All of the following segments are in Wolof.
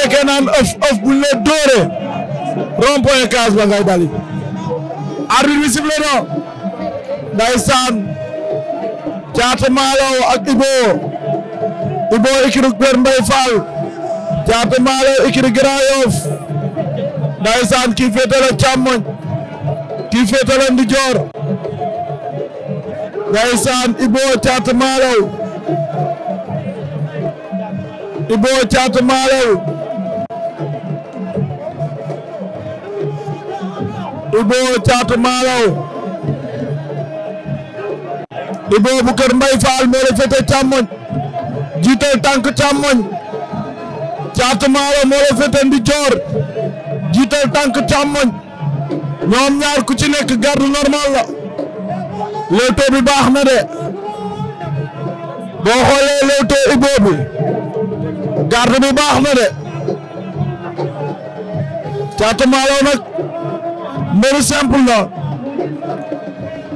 nekkee naan ëf ëf bu ñu la dóoree rond point case ba ngay dali arbitre bi sifflé na ndeysaan Caatu Malaw ak Ibo Ibo ikiri Kër Mbay Fall Caatu Malaw ikiri Grand Yoff ndeysaan Ibo Caatu Malaw Ibo bu kër Mbay Faal moo la féete càmmoñ jiital tànk càmmoñ Caatu Malaw moo la féete ndijoor jiital ñoom ñaar ku ci nekk garde normal la léwto bi baax na de boo xoolee léwto Ibo bi garde bi baax na de Caatu Malaw mbëru simple la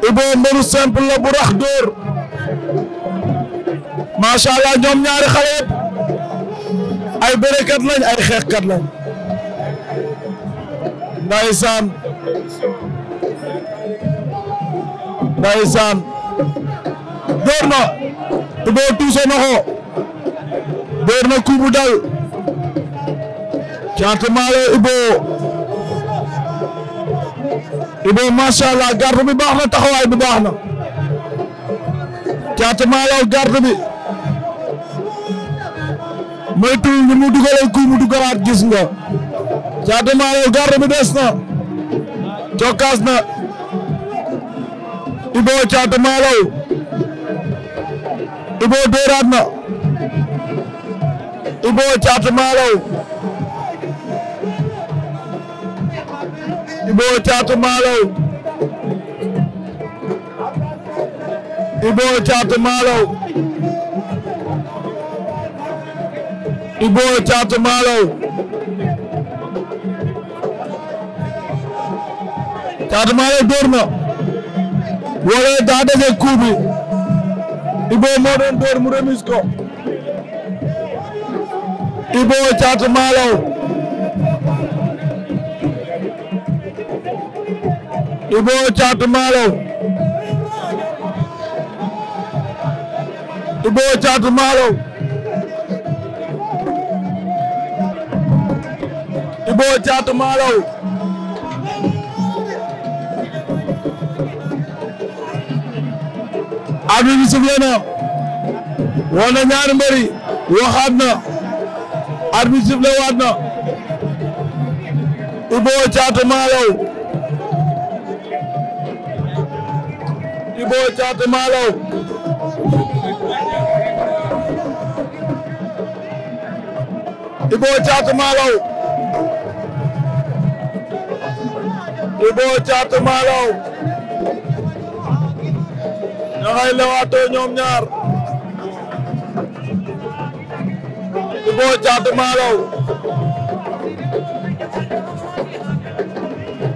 Ibo mbëru simple la bu rax dóor macha ñoom ñaari xale ay bërekat lañ ay xeexkat lañ ndaysaan ndaysaan dóor na Ibo tuuse na ko dóor na kubu dal Thiatou Malo Ibo Ibou macha allah garde bi baax na taxawaay bi na Caatu Malaw garde bi moytuwul ni mu ku mu dugalaat gis nga Caatu Malaw garde bi des na cokkaas na Ibou Caatu Malaw Ibou dóoraat na Ibou Caatu Malaw Ibou Thiatou Malaw Ibou Thiatou Malaw Ibou Thiatou Malaw Thiatou Malaw dóor na wala daa dese moo doon dóor mu remis ko Ibou Thiatou Malaw Ibo Thiatou Malaw Ibo Thiatou Malaw Ibo Thiatou Malaw abi bi sufle na woon na ñaari waxaat na abi sufle waat na Ibo Thiatou Malaw Petit Boy Thiatou Malaw Petit Boy Thiatou Malaw Petit Boy Thiatou Malaw ña ngay lewaatoo ñoom ñaar Petit Boy Thiatou Malaw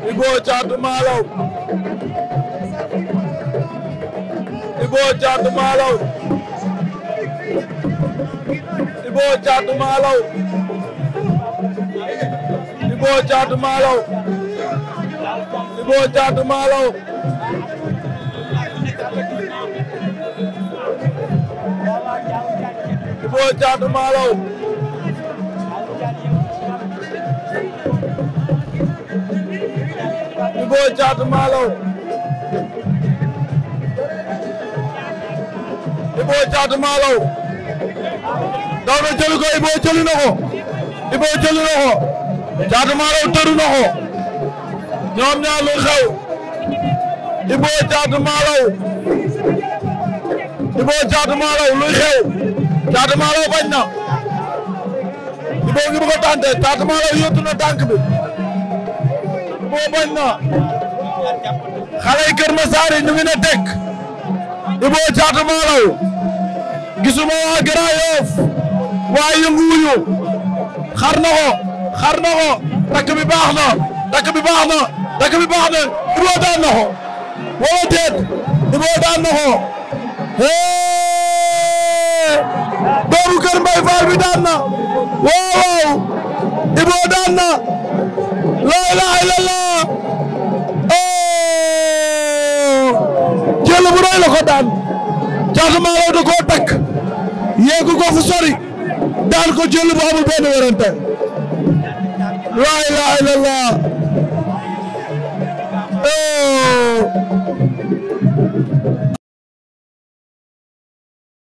Petit Boy Thiatou Malaw Ibo Caatu Maalaw Ibo Caatu Ibo Caatu Malaw na jëli ko Ibo jëli na na ko Caatu Malaw tëru xew Ibo Caatu Malaw xew Caatu bañ na Ibo ngi bëgg a tànte Caatu na tànk bi Ibo bañ na xale yi Kër Masar yi ñu ngi ne tekk gisuma waa Grand Yoff waa yënguwuñu xar na ko xar na bi baax na bi baax na bi baax na Ibou daan na ko wala déet Ibou hee doomu kër Mbaye Fall bi daan na waaw waaw Ibou daan na laa ilaaha illallaah jël bu rëy la ko daan Caatu Mangalaw da koo takk yéegu ko fu sori daan ko jël bu amul benn werante laa ilaaha illallaah oh.